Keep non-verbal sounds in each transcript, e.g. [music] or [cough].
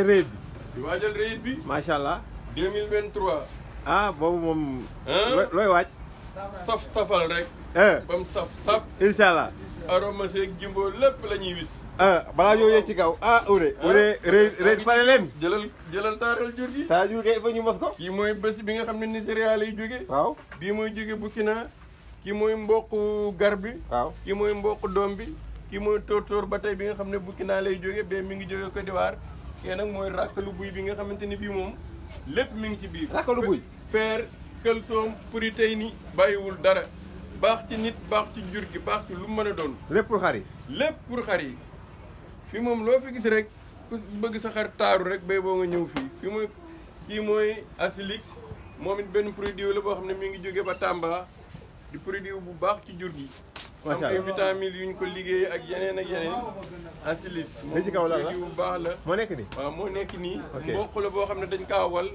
waajal bi. di waajal réet bi. macha allah. 2023. ah boobu looy waaj. saf safal rek. Eh. ba mu saf saf. incha allah. aroma seeg jimbo lépp la ñuy wis. ah balaa ñoo yëg ci kaw ah Oudé. Oudé réet réet pare leen. jëlal jëlal taaral jur gi. taal jur gi ñu mos ko. kii mooy bés bi nga xam ne ni céréales lay jóge. waaw bii mooy jóge Burkina. kii mooy mboq gar bi. waaw kii mooy mboq doom bi. kii mooy toor tóortóor ba tey bi nga xam ne Burkina lay jóge ba mi ngi jóge Côte d'Ivoire. kee nag mooy ràkkalu buy bi nga xamante ni bii moom lépp mi ngi ci biir ràkkalu buy feer kël soom puri tey ni bàyyiwul dara baax ci nit baax ci jur gi baax ci lu mën a doon lépp pour xar yi lépp pour xar yi fi moom loo fi gis rek ku bëgg sa xar taaru rek bay boo nga ñëw fii fi mooy kii mooy asilix moom it benn produit la boo xam ne mi ngi jóge ba Tamba di produit bu baax ci jur gi macha allah am ay vitamines yu ñu ko liggéey ak yeneen ak yeneen. en silice li ci kaw la bu baax la. moo nekk nii waaw moo nekk nii. mboq la boo xam ne dañ kaa wal.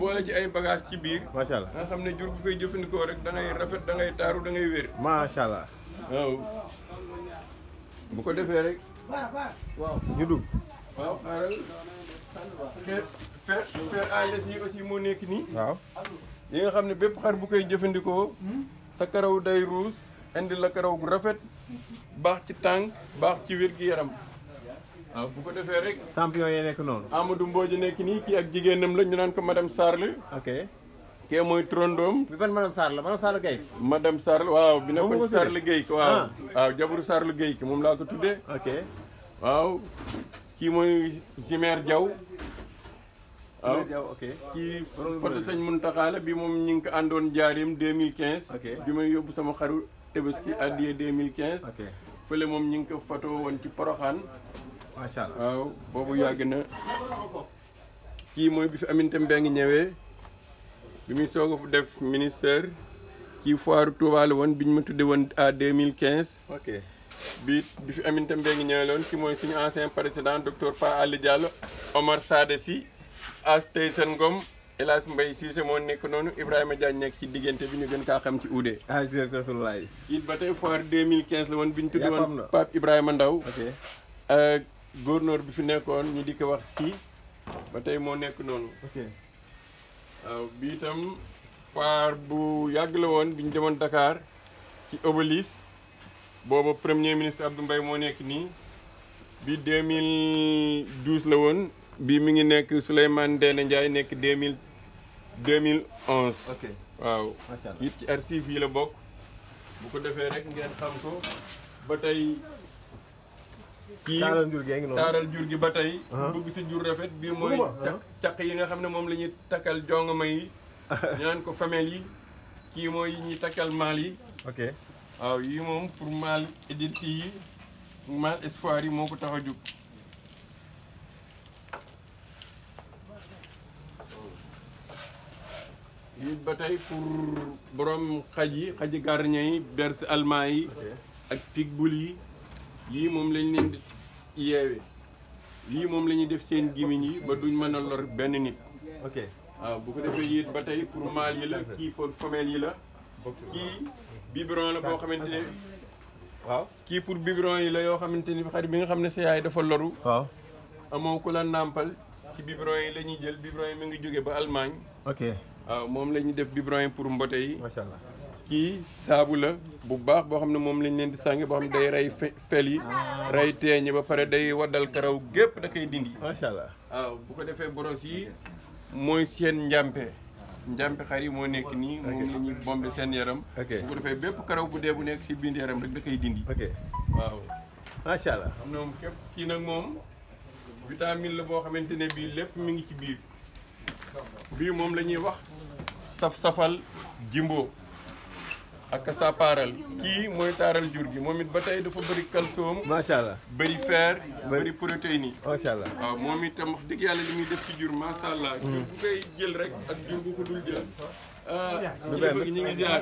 boole ci ay bagage ci biir. macha allah nga xam ne jur gi koy jëfandikoo rek da rafet da ngay taaru da ngay wér. allah. bu ko defee rek. waaw ñu dugg. waaw fer fer fer AES yi aussi moo nekk nii. waaw. yi nga xam ne bépp xar bu koy jëfandikoo. Hmm? sa karaw day ruus. indi la karaw gu rafet baax ci tànk baax ci wér gi yaram waaw bu ko defee rek. champion yi nekk noonu. Amadou Mbodj nekk nii kii ak jigéenam la ñu naan ko madame Sarr la. ok kee mooy trondoom bi ban madame Sarr la madame Sarr Guèye. madame Sarr waaw bi ne ko Sarr Guèye waaw. Ah. waaw jabaru Sarr Guèye moom laa ko tuddee. ok waaw kii mooy Jimer Diaw. waaw ok kii photo sëñ Muntaxa bi moom ñu ko àndoon jaarim 2015. ok bi may yóbbu sama xaru. Tabaski addiya 2015. ok fële moom ñu ngi ko foto woon ci Poroxaan. macha allah waaw boobu yàgg na. kii mooy bi fi Aminata Mbengue ñëwee. bi muy soog a def ministère. kii foire Touba woon bi ñu ma tuddee woon à 2015. ok bi bi fi Aminata Mbengue ñëwee loon ki mooy suñu ancien président docteur Pa Ali Diallo Omar Sadessi As Teysen Ngom. El mbay Mbaye moo nekk noonu Ibrahima Diagne nekk ci diggante bi ñu gën kaa xam ci Oudé. ah jërëjëf Rasulullah. it ba tey foire 2015 la woon bi ñu tudd woon Pape Ibrahima Ndaw ok euh, bi fi nekkoon ñu di ko wax si ba tey moo nekk noonu. ok bi itam foire bu yàgg la woon bi ñu demoon Dakar ci Obélis booba premier ministre Abdou mbay moo nekk nii bi 2012 la woon bi mi ngi nekk Souleymane Ndéné Ndiaye nekk 2000. 2011. ok waaw. macha allah ci archive yi la bokk. bu ko defee rek ngeen xam ko ba tey. kii jur gi ngi noonu jur gi ba tey. bëgg ah. jur rafet ah. yi nga jongama yi. [laughs] ko femelle yi. kii mooy ñi takkal maal yi. ok waaw yii moom pour maal édite yi espoir yi yi ba tey pour borom xaj yi xaji gardien yi berse allemand yi ak yi yii moom lañ leen di yeewe lii moom la ñuy def seen gémmiñ yi ba duñ mën a lor benn nit waaw bu ko defee yit ba tey pour mâle yi la kii pour femelle yi la kii biberon la boo xamante ne waaw kii pour biberon yi la yoo xamante ni xarit bi nga xam ne sa yaay dafa loru waaw amoo ku la nàmpal ci biberon yi la ñuy jël biberon yi ngi jóge ba Allemagne ok waaw moom la ñuy def biberon pour mbote yi. macha kii saabu la bu baax boo xam ne moom lañ leen di sànge boo xam ne day rey fel yi. Ah. rey teeñ ba pare day waddal karaw gépp da koy dindi. macha allah bu ko defee boros yi mooy seen njàmpe. njàmpe xar yi moo nekk nii moom la yaram. bu ko bépp karaw bu dee bu nekk si bind yaram rek koy dindi. waaw. macha allah xam na moom képp kii nag moom vitamine la boo xamante ne bii lépp mi ngi ci biir bii moom la ñuy wax. saf-safal jimbo ak sàppaaral kii mooy taaral jur gi moom it dafa bëri calcium macha allah fer bëri protéine yi macha allah waaw wax dëgg yàlla li def ci jur macha allah mm. bu koy jël rek ak jur bu ko dul jël kilifa ah, ñu ngi ci bi [laughs]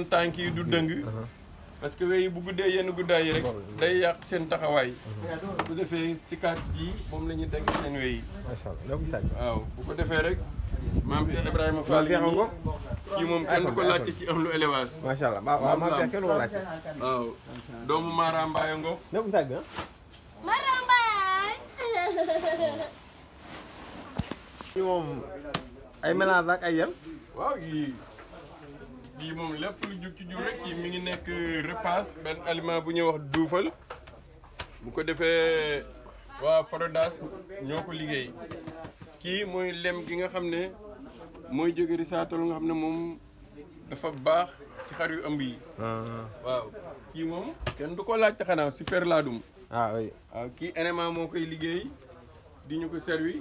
da nga ana du parce que wéy bu guddee yenn guddaay yi rek day yàq seen taxawaay bu defee sikaat yi moom la ñuy teg seen wéy yi waaw bu ko defee rek maam Cheikh Ibrahima Fall ko kii kenn ko laajte ci am lu élevage macha allah waaw maam Cheikh kenn du ko laajte waaw doomu Mara Mbaye Ngo lépp sàgg Mara Mbaye ci moom ay mélange ak ay yel waaw yii kii moom lépp lu jug ci jur rek kii mi ngi nekk repas benn aliment bu ñuy wax duufal bu ko defee waa Forodaas ñoo ko liggéey kii mooy lem ki nga xam ne mooy jóge lu nga xam ne moom dafa baax ci xar yu ëmb yi. Ah. waaw kii moom kenn du ko laajte xanaa super laadum. ah waaw kii NMA moo koy liggéey di ñu ko servi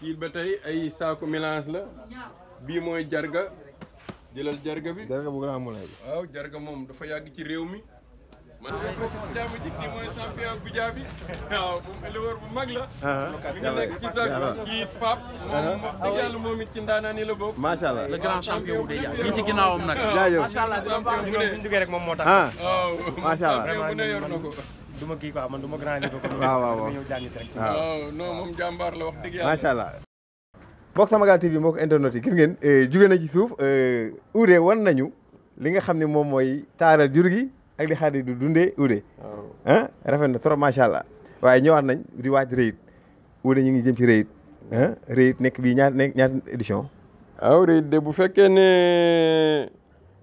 kii ba tey ay saako mélange la bii mooy jarga. jëlal jarga bi jarga bu grand moulin bi waaw jarga mom, dafa yàgg ci réew mi man ay ko jaamu ji kii mooy champion bu jaabi waaw moom éleveur bu mag la ah, ah. mi ngi nekk ci sax ah, kii pap moom wax dëgg yàlla ci ndaanaan yi la bokk macha allah le grand champion bu dee ñi ci ginnaawam nag jaajëf macha allah champion bu dee duggee rek moom moo tax waaw macha allah champion bu dee yor na ko du ma kii quoi man du ma grand niveau comme waaw waaw waaw ñëw waaw non moom jàmbaar la wax dëgg yàlla macha allah Vox Magal TV mbokk internet yi gis ngeen eh, jóge na ci suuf Oudé eh, wan nañu li nga xam ne moom mooy taaral jur gi ak li xaar yi du dundee Oudé. Ah, rafet na trop macha allah waaye ñëwaat nañ di waaj réyit Oudé ñu ngi jëm ci réyit ah réyit nekk bii ñaar nekk ñaar édition. waaw réyit de bu fekkee ne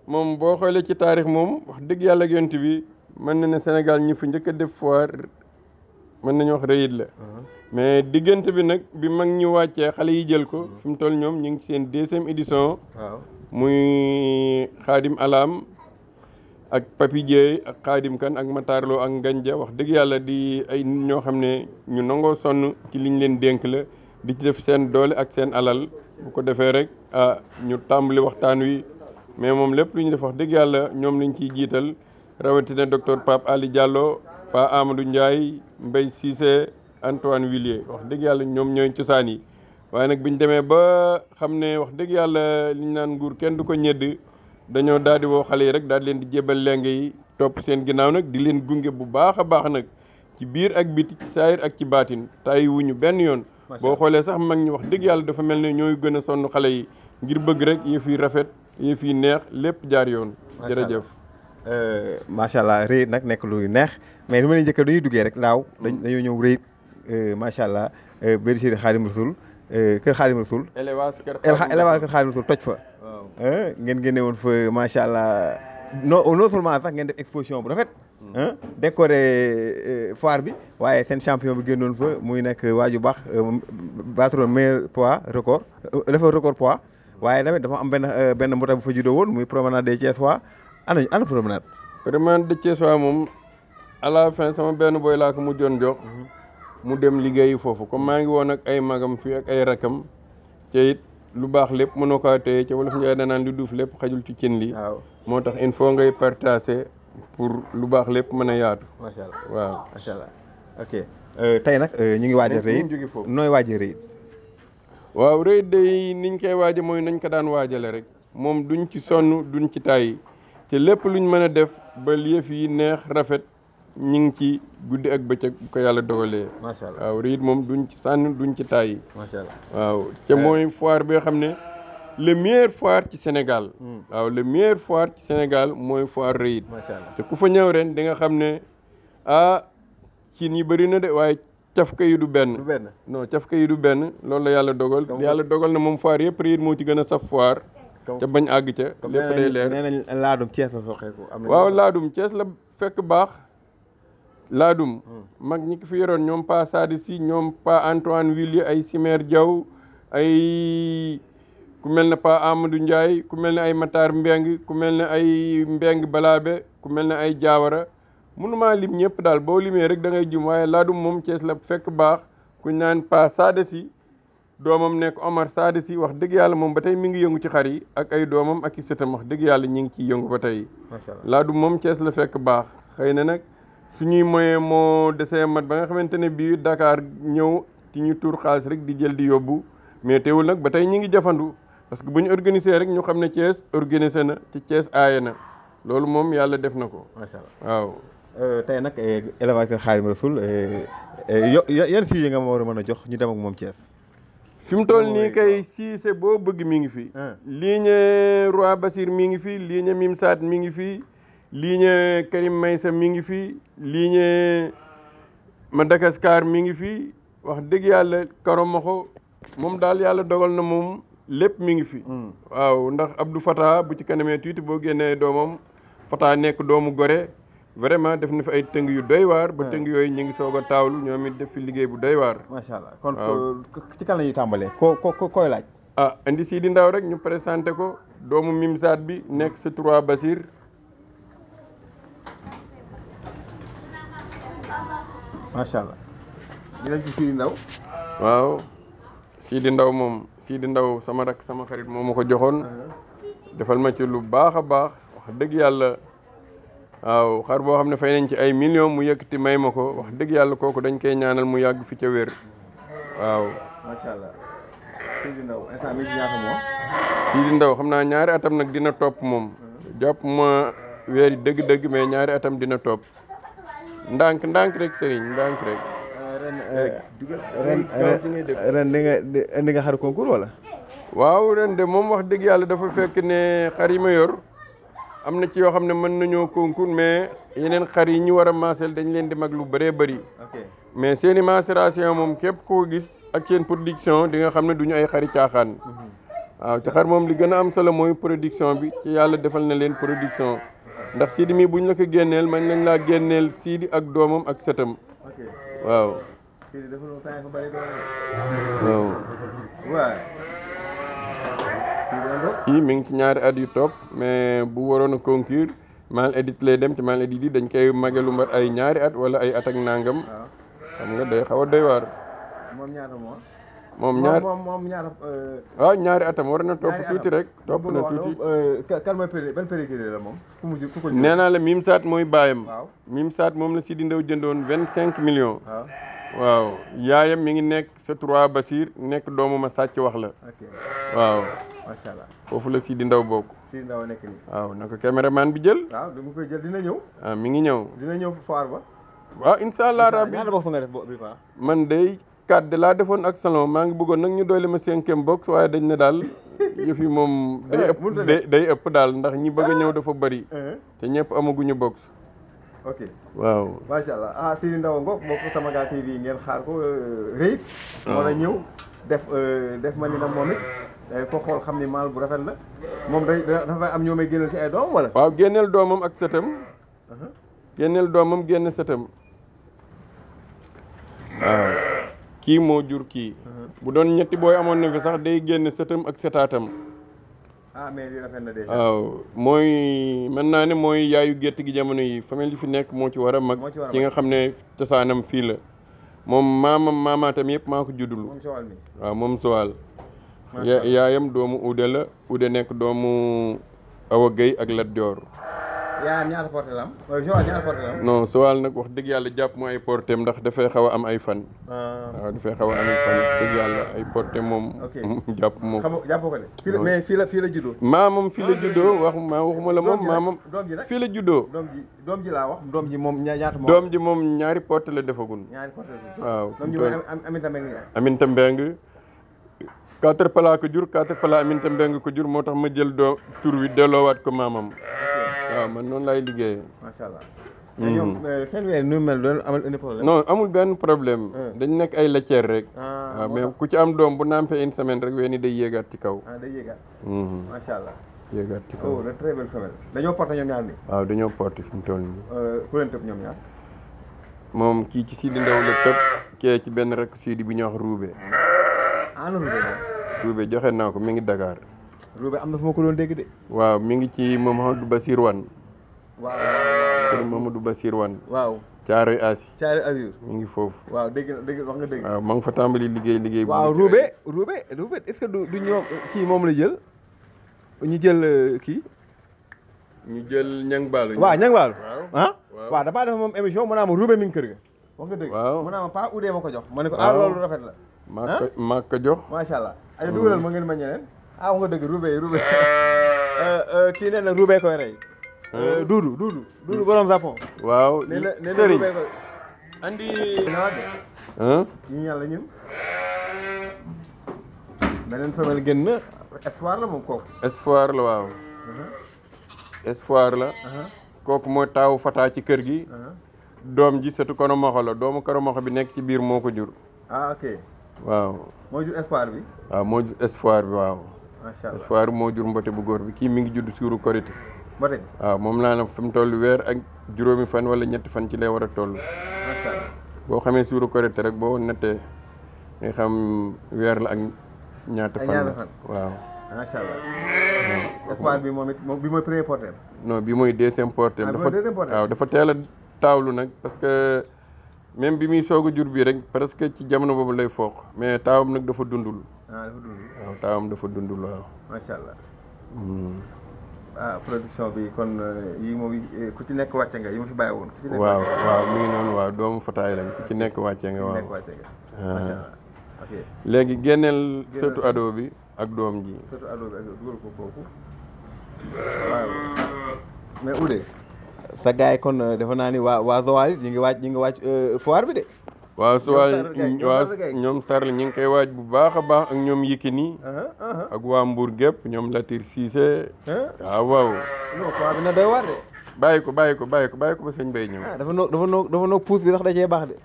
moom boo xoolee ci taarix moom wax dëgg yàlla ak yonent bi mën na ne Sénégal ñi fu njëkk a def foire mën nañu wax rëyit la mais diggante bi nag bi mag ñu wàccee xale yi jël ko hmm. fi mu toll ñoom ñu ngi seen deuxième édition muy xaadim alaam ak Papi Dieye ak xaadim kan ak Matarlo ak Nganja wax dëgg yàlla di ay ñoo xam ne ñu nangoo sonn ci liñ leen dénk la di ci def seen doole ak seen alal bu ko defee rek ah ñu tàmbali waxtaan wi mais moom lépp lu ñu def wax dëgg yàlla ñoom lañ ciy jiital rawatina docteur Pape Ali Diallo Pa Amadou Ndiaye Mbaye Cissé Antoine Willier wax dëgg yàlla ñoom ñooy cosaan yi waaye nag ñu demee ba xam ne wax dëgg yàlla liñ naan nguur kenn du ko ñedd dañoo daal di woo xale yi rek daal di leen di jébal leng yi topp seen ginnaaw nag di leen gunge bu baax a baax nag ci biir ak biti ci saayir ak ci baatin tay ñu benn yoon boo xoolee sax mag ñi wax dëgg yàlla dafa mel ne ñooy gën a sonn xale yi ngir bëgg rek yëf yi rafet yëf yi neex lépp jaar yoon jërëjëf euh, macha allah nag nekk luy neex mais ni ma leen njëkk dañuy duggee rek daaw. Mm. dañoo ñëw rëy euh, macha allah euh, bergerie Xaadim Rasul euh, kër Xaadim Rasul. élevage kër Xaadim toj fa. ngeen génne woon fa macha allah non non seulement sax ngeen def exposition bu rafet. Mm. décoré foire bi waaye seen champion bi génnoon fa muy nekk waaju baax battre meilleur poids record dafa record poids waaye tamit dafa am benn benn mbootaay bu fa juddoo woon muy promenade des Thiessois ana ana promenade. promenade des Thiessois moom à la sama benn booy laa ko mujjoon jox mhm. mu dem liggéeyi foofu comme maa ngi woon ak ay magam fii ak ay rakam ca lu baax lépp mënoo ko téye ca wolof Njaay danaan lu duuf lépp xajul ci cin li moo tax il faut ngay partager pour lu baax lépp mën a yaatu. macha allah waaw macha allah euh, tey nag euh, ñu ngi waaj a rëy nooy waaj a waaw rëy niñ koy waaja mooy nañ ko daan waajale rek moom duñ ci sonn duñ ci tàyyi ci lépp luñ mën a def ba yëf yi neex rafet ñu ngi ci guddi ak bëccëg bu ko yàlla dogalee. macha allah waaw riit moom duñ ci sànn duñ ci tàyyi. macha allah waaw te mooy foire bi nga xam ne le meilleur foire ci Sénégal. Hmm. waaw le meilleur mooy foire riit. macha te ku fa ñëw ren di nga xam ne ah cin yi bari na de waaye cafka yi du benn. du benn non cafka benn loolu la yàlla dogal. yàlla dogal na moom foir yëpp riit moo ci gën a saf foire. ca bañ àgg ca lépp day leer laadum Cees la soxeeku. am waaw laadum Cees la fekk baax. Ladum, hmm. mag ñi ko fi yoroon ñoom pa Sadi si ñoom pa Antoine Willier ay Simer Diaw ay ku pa Amadou Ndiaye ku mel ne ay Matar Mbeng ku mel ne ay Mbeng Balaabe ku mel ne ay Jaawara mënumaa lim ñëpp daal boo limee rek da ngay jum waaye laadum la fekk baax ku pa Sadi si doomam nek Omar Sadi si wax dëgg yàlla moom ba tey mi ngi yëngu ci xar yi ak ay doomam ak i sëtam wax dëgg yàlla ñi ngi ciy yëngu ba tey laadum la fekk suñuy moyen mo desee mat ba nga xamante ne bii Dakar ñëw ci ñu tuur xaalis rek di jël di yóbbu mais teewul nag ba ñi ngi jafandu parce que bu ñu organisé rek ñu xam ne Thiès na ci Thiès aaye na loolu moom def nako ko. macha allah waaw. Euh, tey nag euh, élevage Khadim Rassoul euh, yo yan sujet nga mo war a mën a jox ñu dem ak moom Thiès. fi mu toll nii kay siise boo bëgg mi ngi fi. ligne Roi Basir mi ngi fi ligne Mimsaat mi ngi fi. lignée Karim Meïssa mi ngi fi lignée Madagascar mi ngi fi wax dëgg yàlla Karamoxo moom daal yàlla dogal na moom lépp mi ngi fi. Mm. waaw ndax Abdou Fata bu ci kanamee tuuti boo génnee doomam Fata nekk doomu gore vraiment def na fi ay tëng yu doy waar. ba tëng yooyu ñu ngi soog a taawlu ñoom it def fi liggéey bu doy waar. macha allah kon ci kan yi tàmbalee ko ko koy laaj. ah indi sii di ndaw rek ñu présenté ko doomu Mimsaat bi nekk si trois Basir. macha allah. ñu nekk ci Sidi Ndaw. waaw Sidi Ndaw moom Sidi Ndaw sama rak sama xarit moo ma ko joxoon. Uh-huh. defal ma ci lu baax a baax wax dëgg yàlla waaw xar boo xam ne fay nañ ci ay million mu yëkkati may ma ko wax dëgg yàlla kooku dañ koy ñaanal mu yàgg fi ca wér waaw. macha Ndaw xam naa ñaari atam nag dina topp moom. Uh-huh. jàpp ma weer dëgg-dëgg ma ñaari atam dina topp. ndànk ndànk rek sëriñ ndànk rek. ren eh, eh, ren di eh, ren indi nga xar concours wala. waaw ren de moom wax dëgg yàlla dafa fekk ne xar yi ma yor am na ci yoo xam ne mën nañoo concours mais yeneen xar yi ñu war a maasel dañ leen di mag lu bëree bëri. mais seen i macération ya moom képp gis ak seen production di nga xam ne ay xari caaxaan. Mhm. waaw te xar moom li gën am solo mooy production bi ci yàlla defal na leen production. ndax Sidi mii buñ la ko génneel man nañ laa génneel Sidi ak doomam ak sëtam waaw waaw kii mi ngi ci ñaari at yu topp mais bu waroon a conclure mal edit lay dem ci mal edit yi dañ koy magelu mbat ay ñaari at wala ay at ak nangam xam nga day xaw a doy waar moom ñaar moom moom ñaar. Euh, waaw ñaari atam war na topp tuuti rek. topp na tuuti euh, kan la moom nee naa la Saat mooy baayam. waaw Saat moom la Sidi Ndaw jëndoon vingt cinq millions. waaw yaayam mi ngi nekk sa trois Basir nekk doomu ma sàcc wax la. ok waaw. foofu la Sidi Ndaw bokk. Sidi nekk nii. waaw na ko caméraman bi jël. waaw du mu koy ah, mi ngi ñëw. dina ñëw foire ba. waaw incha allah rabbi. bi man day kàddu laa von ak salon maa ngi bëggoon nag ñu kem ma box waaye dañ ne daal [laughs] day eh, ëpp day ëpp daal ndax ñi bëgg ñëw dafa eh, eh. te ñëpp box. ok waaw macha allah ah Sidi Ndaw Ngop mbokk Samagal TV ngeen xaar ko euh, rëy. moo ñëw def euh, def ma ni nag moom ko xool xam ni bu rafet la day dafa am ci ay doom wala. waaw génneel doomam ak sëtam. Uh-huh. génneel doomam génn sëtam kii moo jur kii uh-huh. bu doon ñetti booy amoon na fi sax day génn sëtam ak sëtaatam ah, waaw mooy man naa ne mooy yaayu gerte gi jamono yi famille yi fi nekk moo ci war a mag ci nga xam ne cosaanam fii la moom maamam maamaatam yëpp maa ko juddulu waaw moom sowal yaayam doomu uude la uude nekk doomu Awa Guèye ak Lat yaa ñaata porté la am Joal ñaata porté nag wax dëgg yàlla jàpp mu ay porté ndax dafay xaw a am ay fan. Ah. waaw dafay xaw a yàlla ay porté moom. [laughs] jàpp moom xam nga jàppoo fii la mais fii la fii maa moom fii la juddoo wax maa fii la juddoo. doom ji doom ji moom ñaata doom ji moom ñaari porté la defagul. ñaari porté la waaw. doom ji moom Aminta Mbengue Aminta Mbengue. quatre pala ko jur quatre pala Aminta Mbengue ko jur moo tax ma jël doo tur wi delloowaat ko maamam waaw man noonu lay liggéey macha allah. mais mm-hmm. ñoom eh, seen weer nu mel doon amul benn problème. non eh. dañ nekk ay laitière rek. waaw ah, ah, mais ku ci am doom bu nampee une semaine rek weeni day yéegaat ci kaw. Ah, mm-hmm. macha allah. yéegaat ci kaw oh dañoo porté ñoom ñaar dañoo porté fi mu toll nii. Euh, ku moom kii ci Sidi Ndaw la tëb kee ci benn rek Sidi bi ñuy wax Roubé. joxe naa ko mi ngi Dakar. Roobé am na fu ma ko doon dégg de. waaw mi ngi ci Mamadou Bassir Wane. waaw kër Mamadou Bassir Wane. waaw Caaroy Asi. Caaroy Asi mi ngi foofu. waaw dégg na wax nga dégg. waaw fa tàmbali liggéey liggéey. bu waaw Roobé est du du kii moom la jël ñu jël euh, kii. ñu jël Ñang Baalu. waaw Ñang Baalu. ah waaw damaa def moom émission mu naa ma Roobé mi kër ga. ma Paa ko jox. ma ne ah, loolu rafet la. ma ah? ko maa ko jox. macha allah. ay dugalal ma ngeen ma ñeneen. ah nga dëgg Roubaix Roubaix [laughs] [laughs] euh, euh, kii nee na Roubaix koy rey. Euh, Duudu Duudu. borom Japon. waaw nee na nee na Roubaix koy ñu yàlla ñun. beneen femelle génn espoir la moom kooku. espoir la waaw. Uh-huh. espoir la. Uh-huh. kooku mooy taawu Fata ci kër gi. Uh-huh. doom ji sëtu Koromoxo la doomu Koromoxo bi nekk ci biir moo ko jur. ah waaw. moo jur espoir bi. waaw moo jur espoir bi waaw. macha allah moo jur mbote bu góor bi kii mi ngi judd suuru korité mbote waaw moom laa ne fi mu toll weer ak juróomi fan wala ñetti fan ci lay war a toll. boo xamee suuru korité rek boo nattee nga xam weer la ak ñaata fan la waaw. macha allah. espoir bi moom it moom bi mooy premier porté. non mooy deuxième porté. Ah, dafa waaw dafa teel a taawlu nag parce que. même bi muy soog a jur bii rek presque ci jamono boobu lay fooq mais taawam nag dafa dundul ah dafa dund. waaw taawam dafa dund waaw. macha allah. Hmm. ah production bi kon eh, yii moom eh, ku ci nekk wàcce nga yi ma fi bàyyi woon. waaw waaw mi ngi noonu waaw doomu Fataay lañ ku ci nekk wàcce nga waaw. Ah. ok léegi génneel sëtu ado bi ak doom ji. sëtu ado bi ak dugal ko kooku. waaw mais Oudé. sa gars yi kon eh, defe naa ni waa waa Zawal it ñu ngi wàcc ñu ngi wàcc foire bi de. waaw su waay waaw ñoom Sarr ñu ngi koy waaj bu baax a baax ak ñoom yikki nii uh-huh, uh-huh. ak waa mbuur gépp ñoom Latir Cissé uh-huh. waaw waaw bi na day waar ko bàyyi ko bàyyi ko bàyyi ba sëñ Bay ñëw ah, dafa noog dafa noog dafa noog puus bi ndax da cee baax de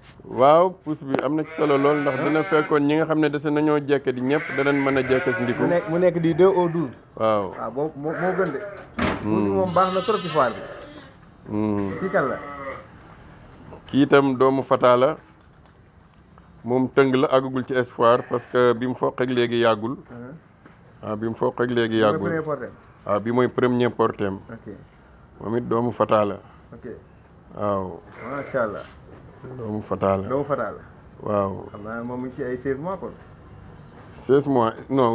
waaw puus bi am na ci solo lool ndax dina fekkoon ñi nga xam ne da dese nañoo jekke di ñëpp danañ mën a jekke si ndiku mu nekk di deux au douze waaw ah, hmm. baax na trop ci foire hmm. kii kan doomu Fata moom tëng la àggagul ci espoir parce que bi mu foqeeg léegi yàggul. Uh-huh. ah bi mu foqeeg léegi yàggul waaw ah, bi mooy premier portem moom it doomu Fata la. ok waaw. macha allah. doomu Fata waaw. xam naa moom ci ay 16 mois kon.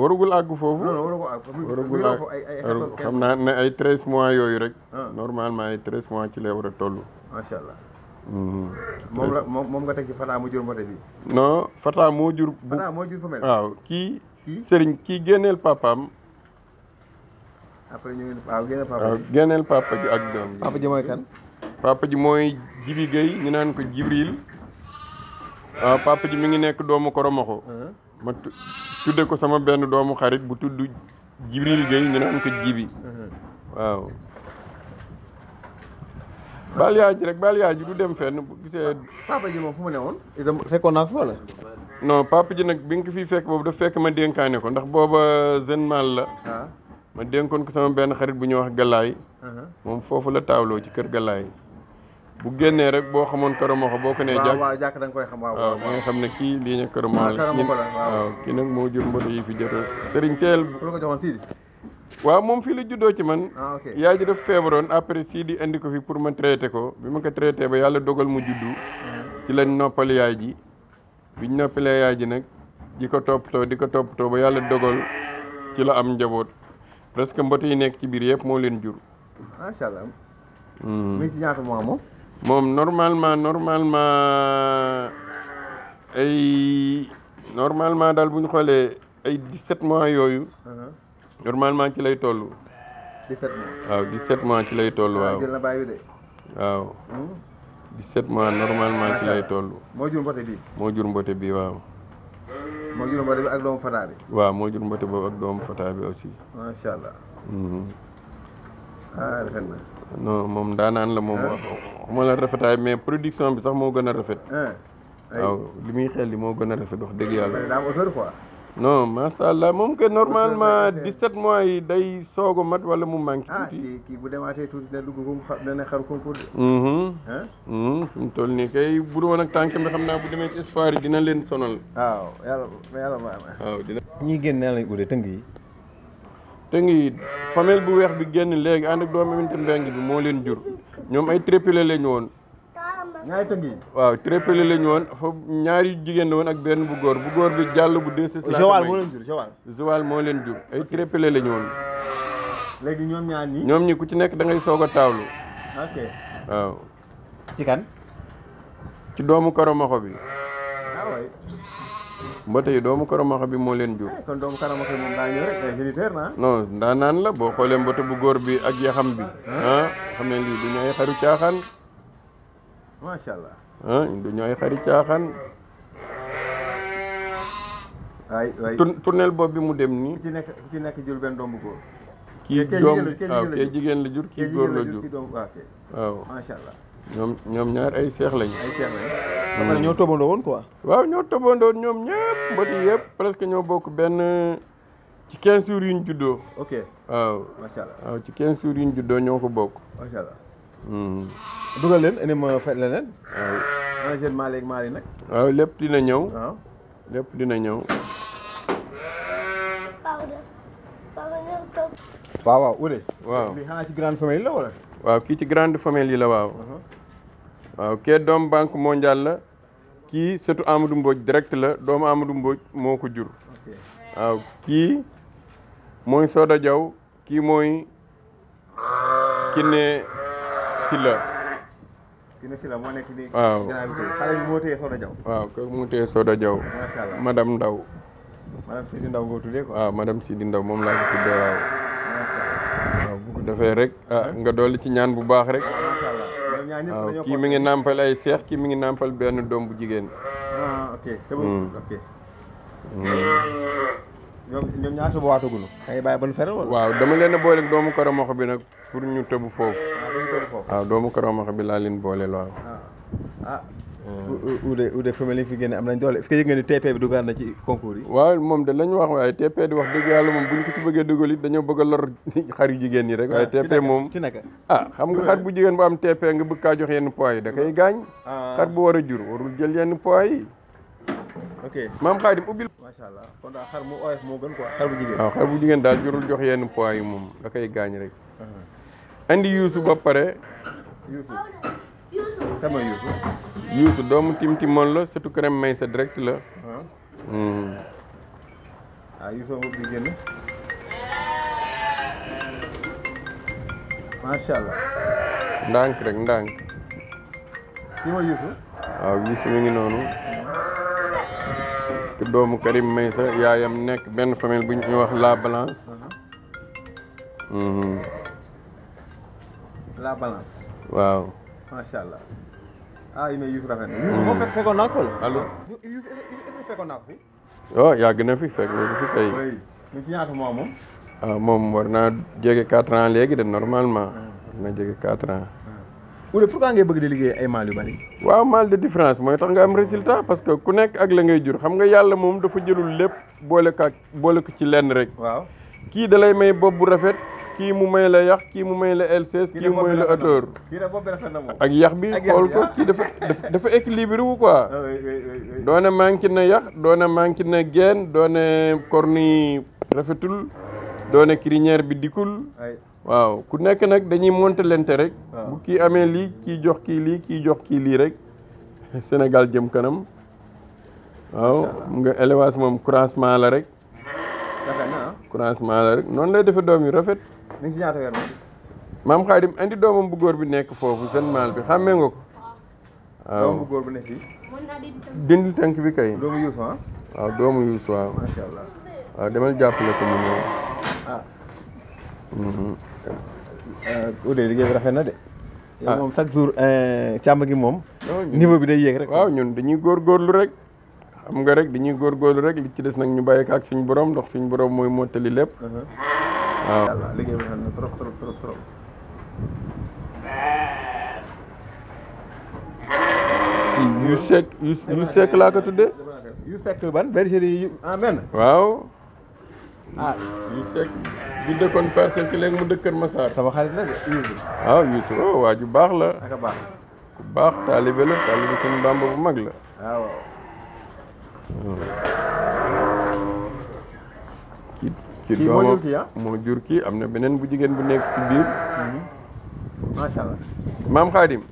waragul àgg foofu. non waragul àgg xam naa ne ay 13 mois yooyu rek. Ah. normalement ay 13 mois ci lay war a toll. macha allah. Mm-hmm. moom moom nga teg ci Fata mu jur mbote bi. moo jur. bu moo jur femelle. waaw kii. kii Serigne kii génneel papaam. après génneel papa ji ak doom bi. papa ji mooy kan. papa ji mooy Jibi Gueye ñu naan ko Jibril. waaw papa ji mi ngi nekk doomu Koromoxo. Uh-huh. ma tudde ko sama benn doomu xarit bu tudd Jibril Gueye ñu naan ko Jibi. Uh-huh. waaw. baal yaay ji rek baal yaay ji du dem fenn bu gisee. papa ji moom fu mu ne woon. itam fekkoon naa fa wala. non papa ji nag bi nga ko fii fekk boobu dafa fekk ma dénkaane ko ndax booba jeune mal la. Ah. ma denkoon ko sama benn xarit bu ñuy wax Galaay. Uh-huh. moom foofu la taawloo ci kër Galaay. bu génnee rek boo xamoon Karamoxo boo ko ne jàkk waaw jàkk da koy xam waaw waaw xam ne kii lii ñu Karamoxo ah, la kii nag moo jur mbooloo yi fi jot a. Serigne Teel. ku la waaw moom fii la juddoo ci man. Ah, yaay ji def feebaroon après sii di indi ko fi pour ma traité ko bi ma ko traité ba yàlla dogal mu juddu. Mm-hmm. ci lañ noppal yaay ji biñ noppalee yaay ji nag di ko toppatoo di ko toppatoo ba yàlla dogal ci la am njaboot presque mbot yi nekk ci biir yëpp moo leen jur. macha allah. Mm. ñaata mois moom. moom normalement normalement ay normalement daal bu ñu xoolee ay 17 mois yooyu. Mm-hmm. normalement ci lay toll. 17 mois waaw 17 ci lay toll waaw. Ah, jël na bàyyi de. waaw. 17 hmm? normalement ci lay toll. moo jur mbote bii. moo jur mbote waaw. moo jur mbote bi ak doomu fataa bi. waaw moo jur mbote boobu ak doomu fataa bi aussi. macha allah. Hmm. ah rafet na. non moom daanaan la moom. Ah. moo la rafetaay mais production bi sax moo gën a rafet. Ah. waaw li muy xel li moo gën a rafet wax dëgg yàlla. daa am auteur quoi. non macha allah moom que normalement set mois yi day soog mat wala mu manqué. Ah, tuuti ah kii kii bu demaatee tuuti dina dugg ko dana xar concours de. Mm-hmm. Mm-hmm. fi mu toll nii kay bu woon ak tànk bi xam naa bu demee ci espoir yi dina leen sonal. waaw yàlla yàlla ma waaw dina. ñi génn naa lañ ude tëng yi. tëng yi famille bu weex bi génn léegi ànd ak doomu Aminata Mbengue bi moo leen jur ñoom ay triplé lañ woon. ñaari tëgg waaw trépelé la woon foofu ñaari jigéen la woon ak benn bu góor bu góor bi jàll bu deux six la Joal moo leen jur Joal moo leen jur ay la ñu woon ñoom ñaar ñi ñoom ñi ku ci nekk da ngay soog a taawlu ok waaw ci kan ci doomu koromaxo bi mbote ah, yi doomu koromaxo bi moo leen jur eh, kon doomu koromaxo ndaa naan la boo xoolee mbote bu góor bi ak yaxam bi ah, ah lii du ñu xaru caaxaan macha allah. ah du ñooy xari caaxaan. waay waay tournel boobu bi mu dem nii. ku nekk ci nekk jur benn doomu góor. kii doom waaw jigéen la jur kii góor la jur waaw macha allah. ñoom ñoom ñaar ay seex lañ ay seex ñoo tobandoo woon quoi. waaw ñoo tobandoo ñoom ñëpp mbët yi yëpp presque ñoo bokk benn ci 15 jours yu ñu juddoo. ok waaw macha ci 15 suur yu ñu juddoo ñoo ko bokk. macha allah. dugal leen indi ma faj waaw lépp dina ñëw. lépp dina ñëw. waaw waaw Oudé. waaw lii ci grande famille la wala. waaw kii waaw. Uh-huh. waaw doom banque mondiale la kii sëtu Amadou Mbodj direct la doomu Amadou Mbodj moo ko waaw kii mooy Soda Diaw kii mooy Kiné. Sylla. Tine Sylla moo nekk nii. waaw xale bi téye Soda Diaw. waaw Ndaw. madame Sidi Ndaw nga ko tuddee quoi. waaw madame Sidi Ndaw moom laa ko waaw. waaw bu ko defee rek ah nga ci ñaan bu baax rek. waaw mi ngi nàmpal ay seex kii mi ngi nàmpal benn doom bu jigéen. Ah, ok te hmm. ok. Hmm. ñoom ñoom ñaata ba waaw dama leen a booleeg doomu koromoxo bi nag pour ñu tëbu foofu. waaw doomu Karamaxa bi laa leen boole lool. ah Oudé Oudé famille fi génne am nañ doole est ce que yëg nga ni TP bi dugaat na ci concours yi. waaw de lañ wax TP di wax dëgg yàlla moom buñ ko ci bëggee dugal it dañoo bëgg lor rek. TP ci naka ah xam nga xar bu jigéen bu am TP nga bëgg kaa jox yenn poids da koy gaañ. xar bu war jur warul jël yenn poids ok allah kon daal xar mu oyof moo gën quoi xar bu jigéen. xar bu jigéen daal jurul jox yenn poids da rek. Ah andi Yusuf ba pare Yusuf, sama Yusuf, yuusu tim timon la satu këram may sa direct la ah yusuf boobu di génn Masya allah ndànk rek ndànk kii Yusuf? yuusu waaw ah, yuusu mi ngi noonu te doomu karim may sa yaayam nekk benn famille bu ñu wax la balance uh-huh. hmm. la balance. waaw. macha allah. ah mais Youssou rafet na. Hmm. Oh, yàgg na fi fekk na fi kay. ñu ci ñaata moom. Ah, moom war naa jege quatre ans léegi de normalement. Ah. war na jege quatre ans. Ah. Oudé pourquoi ngay bëgg di liggéey ay maal yu bari. waaw maal de différence mooy tax nga am résultat parce que ku nekk ak la ngay jur xam nga yàlla moom dafa jëlul lépp boole ko ak boole ko ci lenn rek. waaw kii da lay may bopp bu rafet. kii mu may la yax kii mu may la L16 kii mu may la hauteur ak yax bi xool ko ah. kii dafa dafa équilibré wu quoi ah, doone manqué na yax doone manqué na geen doone cornille rafetul doone crinière bi dikkul waaw ku nekk nag dañuy monter lente rek ah. bu kii amee lii kii jox kii lii jox rek [laughs] Sénégal jëm kanam waaw nga élevage moom courancement la rek courancement la rek noonu lay defe doom yu rafet mi ngi si ñaata weer doomam bu góor bi nekk foofu seen maal bi xàmmee nga ko. Ah. waaw doomam bu góor bi nekk dindil tànk bi kay. doomu Yuusu ah. waaw doomu Yuusu waaw. allah waaw ah, demal jàppale ko mu ñëw. ah. Mm-hmm. Eh, rafet na de. ah chaque jour eh, càmm gi moom. niveau bi day yéeg rek. waaw ñun dañuy góorgóorlu rek. xam nga rek dañuy góorgóorlu rek li ci des nag ñu bàyyi ko ak suñu borom ndox suñu borom mooy mottali lépp. Uh-huh. waaw yàlla liggéey bi yu sekk yu sekk laa ko tuddee. yu sekk ban bergerie yu ah men waaw. Ah. ci léegi mu dëkk Kër Massar. sama xarit la de waaw Youssou waaw waa ju baax la. baax ku baax taalibe la taalibe suñu bàmba bu mag la. Ah, waaw. ci doomam moo jur kii am na bu bu ci hmm. allah maam Khadim,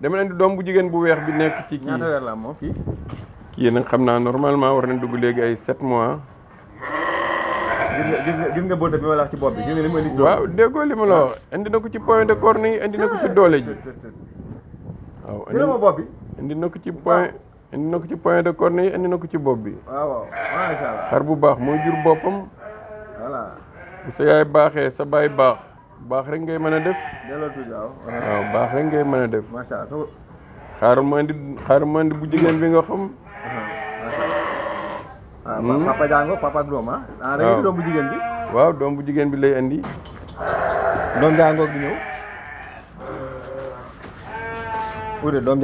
dama leen doom bu jigéen bu weex bi nekk ci kii ñaata weer la moo kii kii nag xam normalement war na dugg léegi ay sept mois gis nga boota bi ma ci bopp bi gis nga li ma waaw déggoo li la wax indi na ci point de corne yi indi ci doole ji waaw indi ma bopp bi indi na ci point indi na ci point de corne yi indi ci bopp bi waaw waaw macha allah xar bu baax moo jur bu sa yaay baaxee sa baay baax baax rek ngay mën a def. delloo daaw. Ah, waaw baax rek ngay mën a def. macha allah xaaral ma di xaaral ma indi bu jigéen bi nga xam. waaw papa Diango papa doom ah. waaw da ngeen doom bu jigéen bi. waaw doom bu jigéen bi lay indi. doom Diango bi ñëw. Oudé doom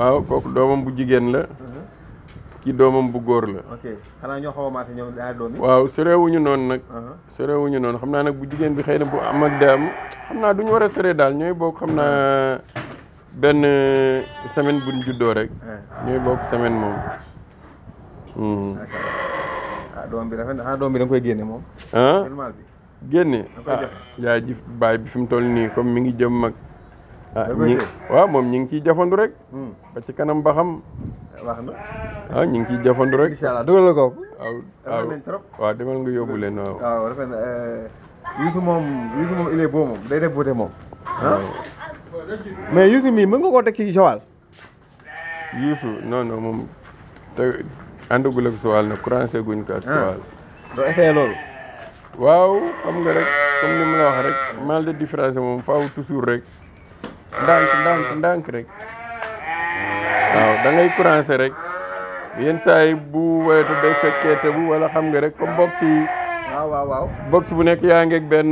waaw kooku doomam bu jigéen la kii doomam bu góor la. ok xanaa ñoo xaw a maase ñoom daa doom yi. waaw soreewuñu noonu nag. Uh-huh. soreewuñu noonu xam bu bi bu am ak sore daal ñooy semaine bu ñu rek. Uh-huh. ñooy bokk semaine hmm. ah, bi rafet ah bi da nga koy génne moom. ah génne. da yaa ji baay bi fi toll comme mi ngi jëm mag. Ah, waaw moom ñi ngi jafandu rek. Hmm. ba ci kanam ba xam. wax na ah, ñu ngi ciy jëfandu rek. incha allah dugal demal nga yóbbu leen waaw. waaw rafet na eh, moom Youssou moom moom day def beauté moom. ah mais Youssou mii mën nga koo teg ci Joal. Youssou non non moom te àndagul ak Joal na courancé guñ ko ak ah. doo essayé loolu. waaw xam nga rek comme ni ma la wax rek mal de différence moom faaw toujours rek ndànk ndànk ndànk rek. waaw da ngay courancé rek yenn saa yi bu weetu day fekkee te bu wala xam nga rek comme box si box bu nekk yaa ngeeg benn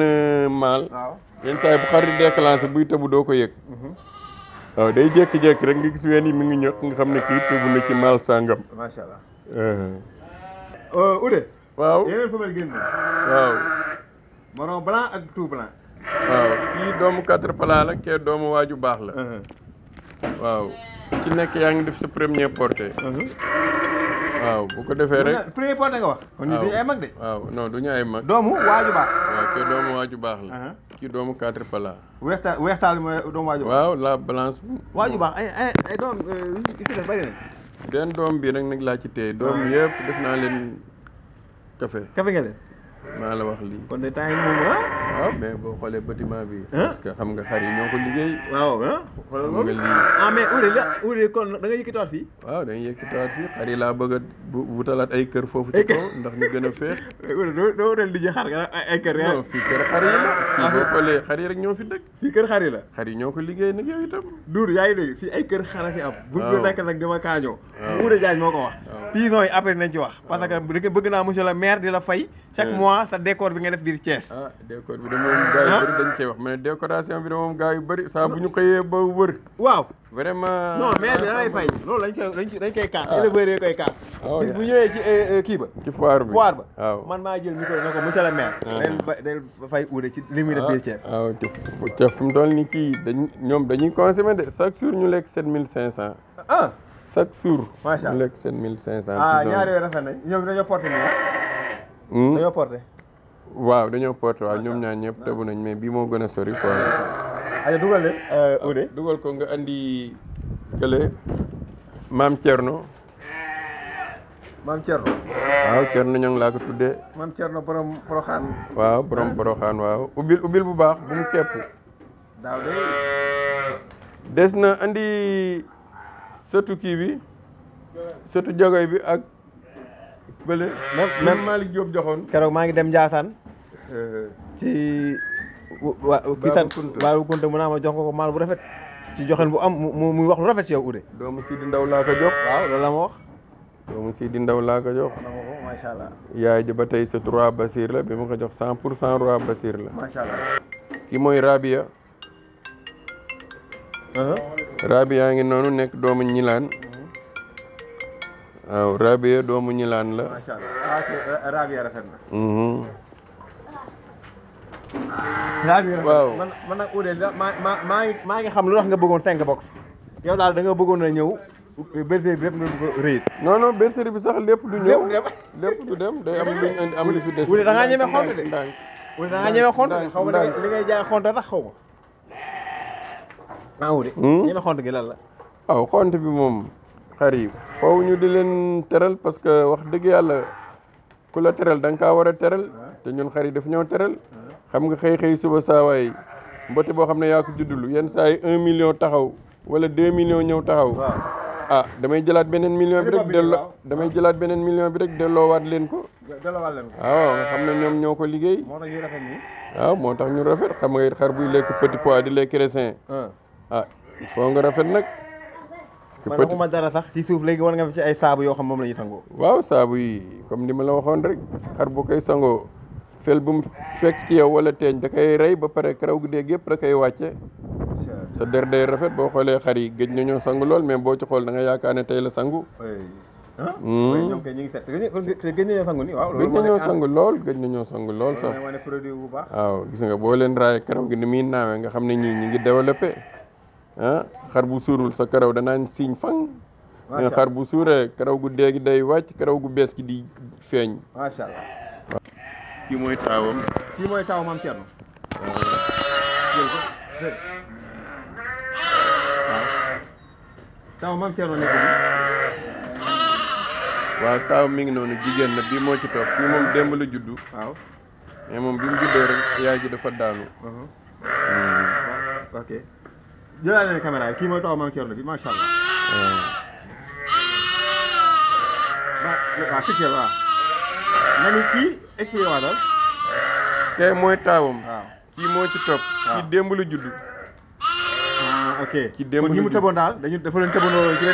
maal. waaw yenn saa yi bu xar di déclenché buy tëbu doo ko yëg. Mhm. waaw day jékki-jékki rek nga gis ween yi mi ngi ñëw nga xam ne kii tëbu na ci maal sàngam. macha allah. Oudé. Euh, waaw yeneen femelle kii doomu quatre pala la kee doomu waaju baax la. waaw. ku ci nekk yaa ngi def sa premier porté. Mhm. waaw bu ko defee rek premier porté nga wax. kon ñu ay mag de. waaw non ay mag. doomu waaju baax. waaw kii doomu waaju baax la. Mhm. kii doomu quatre pala. weextaal weextaal mooy doomu waaju baax. waaw la balance. waaju baax ay doom yu euh, benn doom bi rek nag laa ci téye doom ah. yëpp def naa leen café. café nga leen. maa la wax lii. kon de temps ah. Ah, mais boo xoolee bâtiment bi. Ah. parce que xam nga xar yi ñoo ko liggéey. waaw ah. xoolal moom nga la kon da nga yëkkatiwaat fii. waaw da nga yëkkatiwaat fii xar laa bëgg bu wutalaat ay kër foofu. ci kaw ndax gën a féex. [laughs] Oudé doo doo doon liggéey xar nga ay kër la. fii rek ñoo fi dëkk. fii kër xar la. xar yi ñoo ko liggéey nag yow itam. duur yaa ngi dégg fii ay kër xar a fi am. waaw bu ñu nekk nag dama kaañoo. Oudé ko wax. waaw pison yi après nañ ci wax. parce que bëgg naa monsieur le maire di la fay chaque euh. mois sa décor bi nga def biir Thiès. ah décor bi de moom gaa yu ah. bëri dañ wax mais décoration bi de moom gaa yu bëri saa bu ñu xëyee ba wër. waaw vraiment. non mais ah, da ngay fay lañ dañ koy dañ koy kaas. waaw ah. éleveur yi koy kaas. Oh, ci euh, euh, kii ba. ci foire bi foire ba. man maa jël micro ne ko monsieur le maire. day ci li muy def mu toll nii kii dañu ñoom dañuy consommer de chaque jour ñu lekk sept mille cinq cent. ah chaque jour. macha ñu lekk sept mille cinq cent. ah ñaari yoo rafet nañ ñoom dañoo Hmm? dañoo porté. waaw dañoo porté waaw ñoom ñaar ñëpp tëbu nañ mais bii moo gën a sori quoi. allez dugal leen euh, ah, Oudé. dugal ko nga andi kële maam Thierno. maam Thierno. waaw Thierno ñoo laa ko tuddee. maam Thierno borom Poroxaan. waaw borom Poroxaan waaw ubbil ubbil bu baax bu mu képp. des na andi sëtu kii bi. sëtu jagoy bële. même même hmm. Malick Diop joxoon. keroog maa ngi dem Ndiassane. Eh. ci. wa gisan waaw Kunta mu naa ma jox ko ko maal bu rafet. ci joxen bu am mu muy wax lu rafet ci yow Oudé. doomu Sidi Ndaw laa ko jox. waaw la ma wax. doomu Sidi Ndaw laa ko jox. macha allah. yaay ji ba sa roi Basir la bi ma ko jox 100 roi Basir la. macha allah. ki mooy Rabia. Uh-huh. Rabia ngi noonu nekk doomu Ñilaan. waaw Rabia doomu ñilaan la. macha allah ah, euh, Rabia rafet na. Mhm. Rabia rafet na man man maa maa maa ngi xam lu tax nga bëggoon cinq box yow daal da nga bëggoon a ñëw bergerie bi lépp nga rëyit. non non bergerie sax lépp du ñëw lépp du dem day am lu ñu am lu fi des. Oudé da ngaa ñeme xont de. Oudé da ngaa ñeme xont de xaw ma li ngay jaay xont tax xaw ma. maa ah, Oudé. Hmm? ñeme xont gi lan la. waaw xont bi moom. xar yi foofu ñu di leen teral parce que wax dëgg yàlla ku la teral da nga kaa war a teral te ñun xar yi daf ñoo teral xam nga xëy-xëy suba saawaay mbote boo xam ne yaa ko juddul yenn saa yi un million taxaw wala deux millions ñëw taxaw ah damay jëlaat beneen million bi rek delloo damay jëlaat beneen million bi rek delloowaat leen ko ah, waaw nga xam ne ñoom ñoo ko liggéey waaw ah, moo tax ñu rafet xam nga xar buy lekk petit pois di lekk raisin ah, ah foo nga rafet nag man waxuma dara sax ci suuf léegi war nga fi ci ay saabu yoo xam moom la ñuy sangoo. waaw saabu yi comme ni ma la waxoon rek xar boo koy sangoo fel bu mu fekk ci yow wala teeñ da koy rey ba pare karaw gi dégg yëpp rek koy wàcce. sa der day rafet boo xoolee xar yi gëj na ñoo sangu lool mais boo ci xool da nga yaakaar ne tey la sangu. Ah? Hmm. ñu ngi set gëj nañoo sangu nii waaw. loolu moo sangu ah. lool gëj nañoo sangu lool sax. waaw gis boo leen raay karaw gi ni muy naawee nga xam ne ñii ñi ngi développé. xarbusur sa karaw danaan siñ fang mais xarbusur karaw gu dee gi day wàcc karaw gu bees gi di feeñ macha allah kii mooy taawam kii mooy taawam am cerno taw mam cerno nekk waaw taw mi ngi noonu jigéen na bi moo ci topp bi moom démb la juddu waaw mais moom bi mu juddoo rek yaay ji dafa daanu ok uh-huh. hmm. Jalan leen caméra yi kii mooy taw maam Thierno allah. waaw waaw kii Thierno waaw. nga ni kii expliqué waatal. kay mooy taawam. waaw kii moo ci topp. waaw kii démb la judd. ok ci démb kon ñi mu tëboon daal dañu dafa leen tëboon ci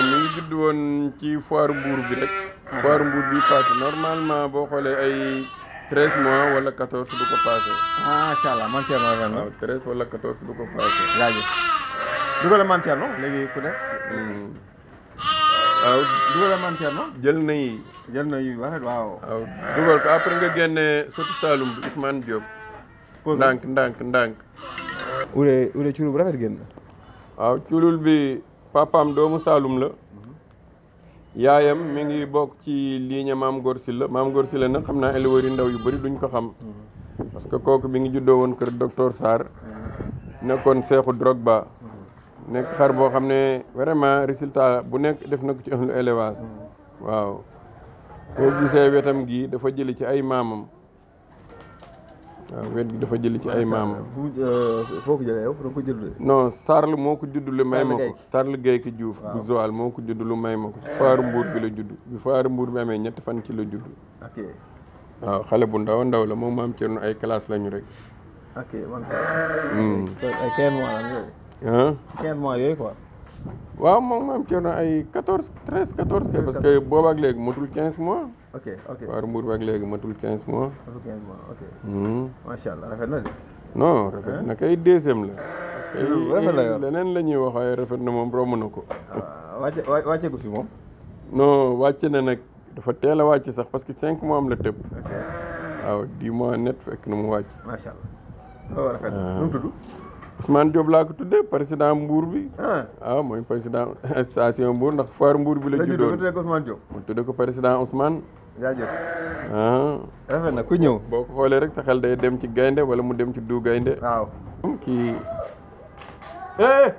mi ngi ci foire bi rek koor mbuur bi passé normalement boo xoolee ay treize mois wala quatorze du ko passé. macha allah man Thierno ren waaw treize wala quatorze du ko passé. ku nekk. Hmm. waaw dugal man Thierno. jël na yi. jël waaw waaw. ko après nga génnee sotu Saloum bi Ousmane Diop. ndànk ndànk ndànk. Oudé rafet génn. waaw Cuulub bi papaam doomu Saloum la. yaayam mi ngi bokk ci ligne maam Góor Sylla maam Góor Sylla nag xam naa éleveurs yu ndaw yu bëri duñ ko xam mm-hmm. parce que kooku bi ngi juddoo woon kër docteur Sarr mm-hmm. nekkoon seexu Drogba mm-hmm. nekk xar boo xam ne vraiment résultat bu nekk def na ci am ëllu élevage waaw boo gisee wetam gii dafa jëli ci ay maamam waaw wet gi dafa jëli ci ay maam. Euh, foo ko jëlee yow non Sarl moo ko judd lu may ma ko Sarl ki Diouf bu Joal ko judd lu may ma ko ci faaru mbuur bi la judd bi faaru mbuur bi amee ñetti fan ci la judd. waaw xale bu ndaw ndaw la moom maam Thierno ay classe lañu rek. Hmm. la yooyu. 15 mois yooyu quoi. waaw moom maam Thierno ay 14 13 14 kay parce que boobaak léegi motul quinze mois. ok ok waaw Mbour beeg léegi matul 15 mois. matul 15 mois ok. Hmm. macha allah rafet na de. non rafet na kay deuxième la. rafet la leneen la ñuy wax waaye rafet na moom romb na ko. Ah, wàcce wàcce gu fi moom. non wàcce na nag dafa teel a wàcce sax parce que 5 mois am la tëb. waaw 10 mois net fekk na mu wàcc. macha allah waaw oh, rafet na ah. nu mu tudd. Ousmane Diop laa ko tuddee président Mbour bi. ah, ah mooy président [laughs] station Mbour ndax foire Mbour bi la. juddoo la juddoo ko Ousmane Diop. mu tuddee ko président Ousmane. jaajëf ah rafet na ku ñëw boo ko xoolee rek sa xel day dem ci gaynde wala mu dem ci du gaynde waaw kii eh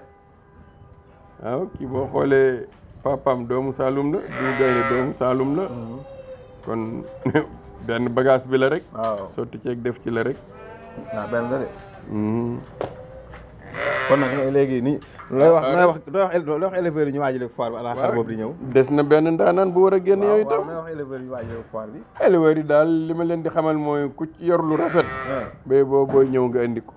waaw kii boo xoolee papam doomu Saloum la du gaynde doomu Saloum la mm-hmm. kon [laughs] benn bagage bi la rek waaw sotti ceeg def ci la rek waaw benn la de mm-hmm. kon nag léegi nii looy wax looy wax looy ñu waajale foire bi di ñëw des na benn ndaanaan bu war a génn yooyu tam looy wax éleveurs yi daal li ma leen di xamal mooy ku yor lu rafet ah. bay boo booy ñëw nga indi ko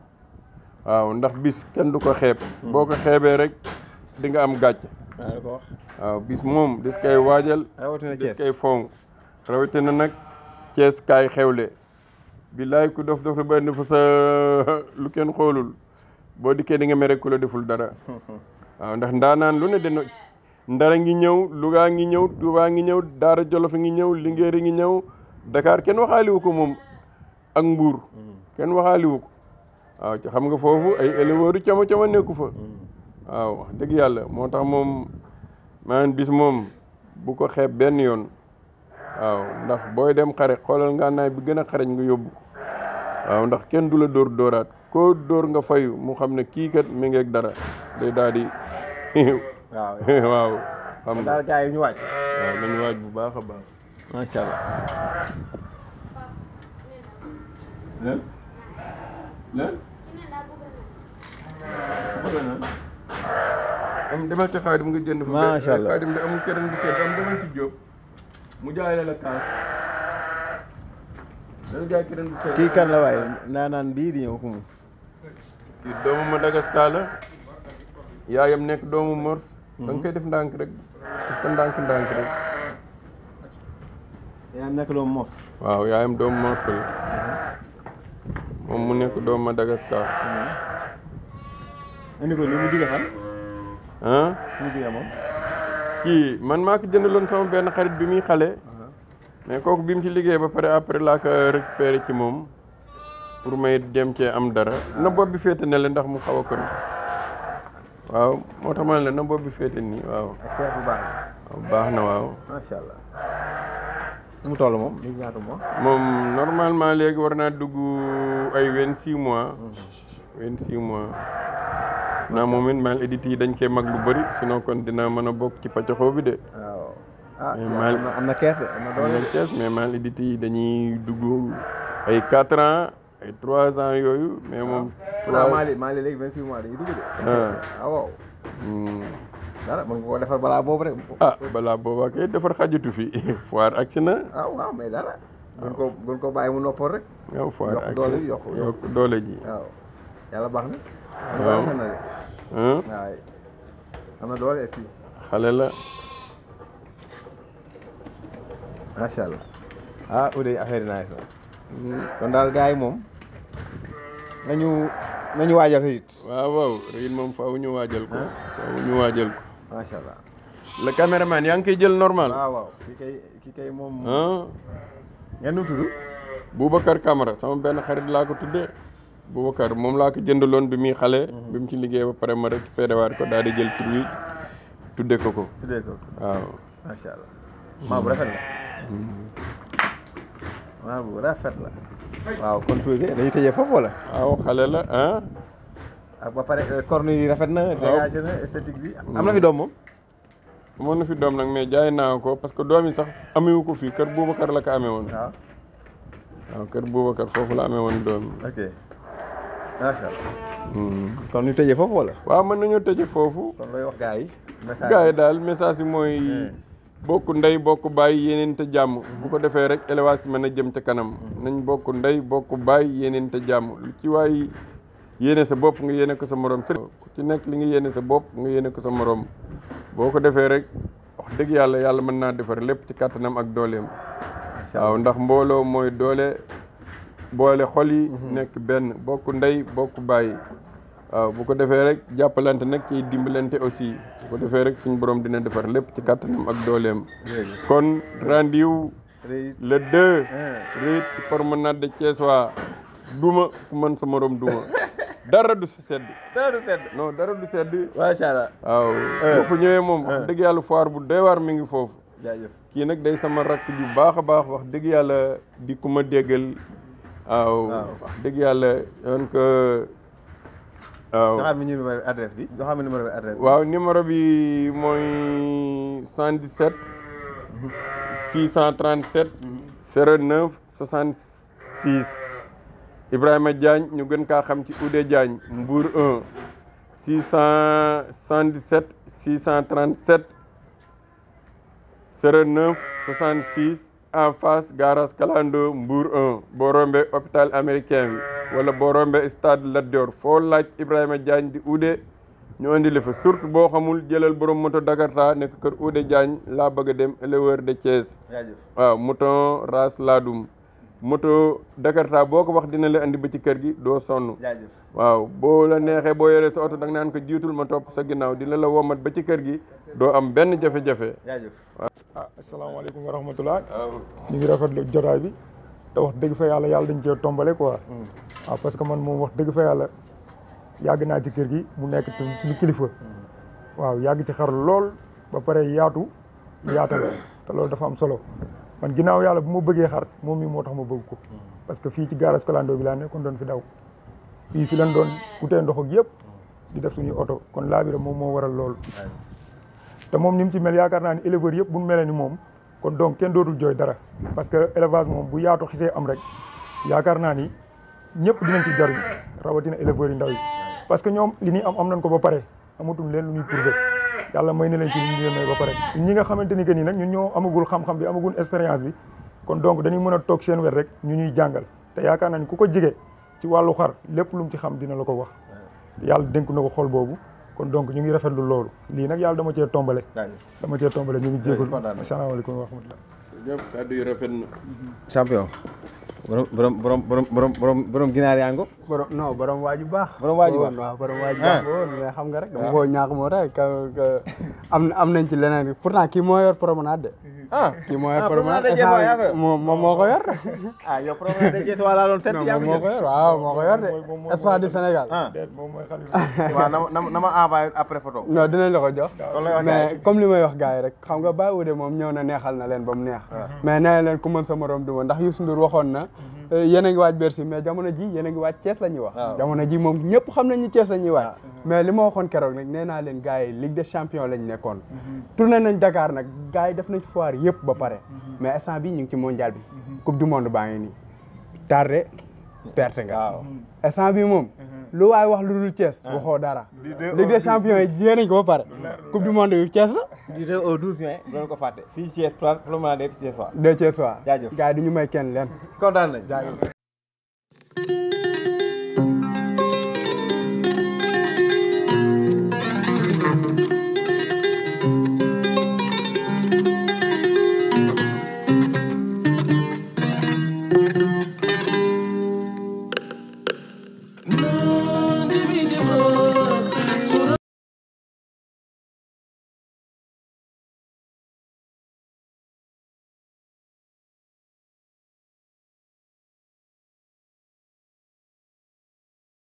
waaw ndax bis kenn du ko xeeb hmm. boo ko xeebee rek di nga am gàcce ah, waaw bis moom des koy waajal des koy fonk na nag Cees kaay xewle billaay ku dof dof la benn fa sa [laughs] lu kenn xoolul boo dikkee di nga mere ku deful dara waaw ndax ndaanaan lu ne dina ndara ngi ñëw Louga ngi ñëw Touba ngi ñëw Daara Jolof ngi ñëw Linguère ngi ñëw Dakar kenn waxaaliwu ko moom ak Mbuur kenn waxaaliwu ko waaw xam nga foofu ay éleveurs cama cama nekku fa waaw wax dëgg yàlla moo tax moom maanaam bis moom bu ko xeeb benn yoon waaw ndax booy dem xare xoolal ngànnaay bi gën a xareñ nga yóbbu ko waaw ndax kenn du la dóor dóoraat koo dóor nga fayu mu xam ne kii kat mi ngeeg dara day daal di [laughs] [laughs] waaw xam nga daal waaj bu baax a baax macha allah lan jënd. macha allah xaadim mu jaay la kaas. lan jaay waaye naanaan bii di ñëw ko ci doomu Madagascar la yaayam nekk doomu Mors. da nga koy def ndànk rek def ko ndànk ndànk rek. yaayam nekk doomu Mors. waaw yaayam doomu Mors la moom mu nekk doomu Madagascar. indi ko li mu jóge xam. ah li mu jóge moom. kii man maa ko jëndaloon sama benn xarit bi muy xale. mais kooku bi mu ci liggéey ba pare après laa ko récupéré ci moom. pour may dem cee am dara na bopp bi féete ne la ndax mu xaw a kon waaw moo tax ma la na bopp bi féete nii waaw. bu baax baax na waaw. macha allah. mu toll moom léegi ñaata moom normalement léegi war naa dugg ay vingt six mois. Hmm. vingt six mois. naa moom it maal édite yi dañ koy mag lu bëri sinon kon dinaa mën a bokk ci pàccaxoo bi de. waaw ah, maal édite dañuy dugg ay quatre ans. ay trois ans yooyu. mais ah. moom ah, trois Mali Mali léegi vingt six mois dañuy dugg de. ah, ah waaw. Hmm. dara ko defar balaa boobu rek. ah balaa boobu kay defar xajatu fi [laughs] foire agsi na. ah waaw mais dara. buñ ko buñ ko bàyyi rek. waaw foire agsi doole ji yokk ji. waaw yàlla baax na. waaw na de. Hmm? waaw am na doole fii. xale la. macha allah. ah Oudé affaire kon daal gars yi moom nañu nañu waajal rëyit waaw waaw rëyit moom faaw ñu waajal ko faaw ñu waajal ko macha allah le yaa ngi koy jël normal waaw waaw ki kay moom ngeen nu tudd Boubacar sama benn xarit laa ko tuddee Boubacar moom laa ko jënd loon bi muy xale bi mu ci liggéey ba pare ma récupéré waat ko daal di jël tur wi ko ko waaw maa bu rafet la waaw bu rafet la. waaw kon Touzé dañuy tëjee foofu wala. waaw xale la ah. ak ba euh, yi rafet na. waaw dégagé na am na fi doom moom. amoon na fi doom nag mais jaay naa ko parce que doom yi sax amewu ko fii kër Boubacar la ko amee woon. waaw waaw kër Boubacar foofu la amee woon doom yi. Hmm. kon ñu tëjee foofu wala. waaw mën nañoo tëje foofu. kon yi. daal message mooy. Hmm. bokk ndey bokk bàyyi yéeneen te jàmm bu ko defee rek élevage mën a jëm ca kanam nañ bokk ndey bokk bàyyi yeneen te jàmm lu ci waay yéene sa bopp nga yéene ko sa morom ku ci nekk li nga yéene sa bopp nga yéene ko sa morom boo ko defee rek wax dëgg yàlla yàlla mën naa defar lépp ci kàttanam ak dooleem waaw ndax mbooloo mooy doole boole xol yi mhm. nekk benn bokk ndey bokk bàyyi waaw ah, bu ko defee rek jàppalante nag ci dimbalante aussi bu ko defee rek suñu borom dina defar lépp ci kàttanam ak dooleem kon rendez-vous le 2 ah. rite promenade de Thiès duma ku man sa morom duma dara du sedd dara du sedd non dara du sedd macha allah waaw ah. bu fa ñëwee moom wax dëgg yàlla foire bu doy waar mi ngi foofu kii nag day sama rakk ju baax a baax wax dëgg yàlla di ku ma déggal waaw wax dëgg yàlla donc waaw joxaat ma numéro bi adresse bi joxaat ma numéro bi adresse bi. waaw numéro bi mooy 77. 637. 09 66. Ibrahima Diagne ñu gën kaa xam ci Oudé Diagne Mbour 1 677 637 09 66 en face garage Kalando Mbour 1 boo rombee hôpital américain bi wala boo rombee stade Lat Dior foo laaj Ibrahima Diagne di Oudé ñu andi la fa surtout boo xamul jëlal borom moto Dakarta nekk kër Oudé Diagne laa bëgg a dem éleveur de Thiès waaw mouton race Ladoum moto Dakarta boo ko wax dina la indi ba ci kër gi doo sonn waaw boo la neexee boo yoree sa oto da nga naan ko jiitul ma topp sa ginnaaw dina la womat ba ci kër gi doo am benn jafe-jafe ah asalaamaaleykum wa rahmatulah. ñu ngi rafetlu jotaay bi. te wax dëgg fa yàlla yàlla dañ cee tombale quoi. waaw mm. ah, parce que man moom wax dëgg fa yàlla yàgg naa ci kër gi mu nekk suñu kilifa. Mm. waaw yàgg ci xar lool ba pare yaatu yaatal te loolu dafa am solo man ginaaw yàlla bu mu bëggee xar moom mi moo tax ma bëgg ko. Mm. parce que fii ci garage Kalandoo bi laa nekkoon doon fi daw fii fi lan doon utee ndox ak yëpp di def suñuy oto kon laabira moom moo waral lool. te moom ni mu ci mel yaakaar naa ni éleveurs yëpp bu mu melee ni moom kon donc kenn dootul jooy dara parce que élevage moom bu yaatu xisee am rek yaakaar naa ni ñëpp dinañ ci jariñ rawatina éleveurs yi ndaw yi parce que ñoom li ñuy am am nañ ko ba pare amatum leen lu ñuy prouver yàlla may na leen ci li ñu leen may ba pare ñi nga xamante ni que nii nag ñun ñoo amagul xam-xam bi amagul expérience bi kon donc dañuy mën a toog seen wet rek ñu ñuy jàngal te yaakaar naa ku ko jige ci wàllu xar lépp lu mu ci xam dina la ko wax yàlla dénk na ko xol boobu kon donc ñu ngi rafetlu loolu lii nag yàlla dama cee tombale dama cee tombale ñu ngi jéegul asalaamaaleykum wa rahmatullah jërëjëf kàddu yu rafet na champion borom borom borom borom borom borom borom ginaar yaa ngoog. borom non borom waaju baax. borom waaju baax waaw borom waaju baax woon ah. mais xam nga rek. dama ah. koo ñaax moo rek am am nañ ci leneen pourtant kii moo yor promenade. ah kii moo yor ah, promenade ah moom moo ko yor. [laughs] ah yow promenade jeex wala loon seet. yaa moo ko yor waaw moo ko yor de. espoir du Sénégal. ah [laughs] waaw na ma na ma envoyé après photo. non dinañ la ko jox. mais comme li may wax gars yi rek xam nga Baye Oudé moom ñëw na neexal na leen ba neex. mais nee leen ku mën sa morom du ndax Youssou Ndour na Mm-hmm. Euh, yéen a ngi waaj Bercy mais jamono ji yéen a ngi waaj Thiès la ñuy wax jamono ji moom ñëpp xam nañ ni Thiès la ñuy waaj mm-hmm. mm-hmm. mais li ma waxoon keroog nag nee naa leen gars yi Ligue des champions lañ nekkoon tourné nañ Dakar nag gars yi def nañ foire yëpp ba pare mais instant bi ñu ngi ci mondial bi coupe du monde baa ngi nii tardé perte nga bi moom lu waaye wax lu dul Thiès ah. waxoo dara Ligue des champions yi jiyee nañ ko ba pare coupe du monde yu Thiès la du 2 au 12 mai doon ko fàtte fii Thiès place promenade gars yi ñu may kenn leen kontaan nañ jaajëf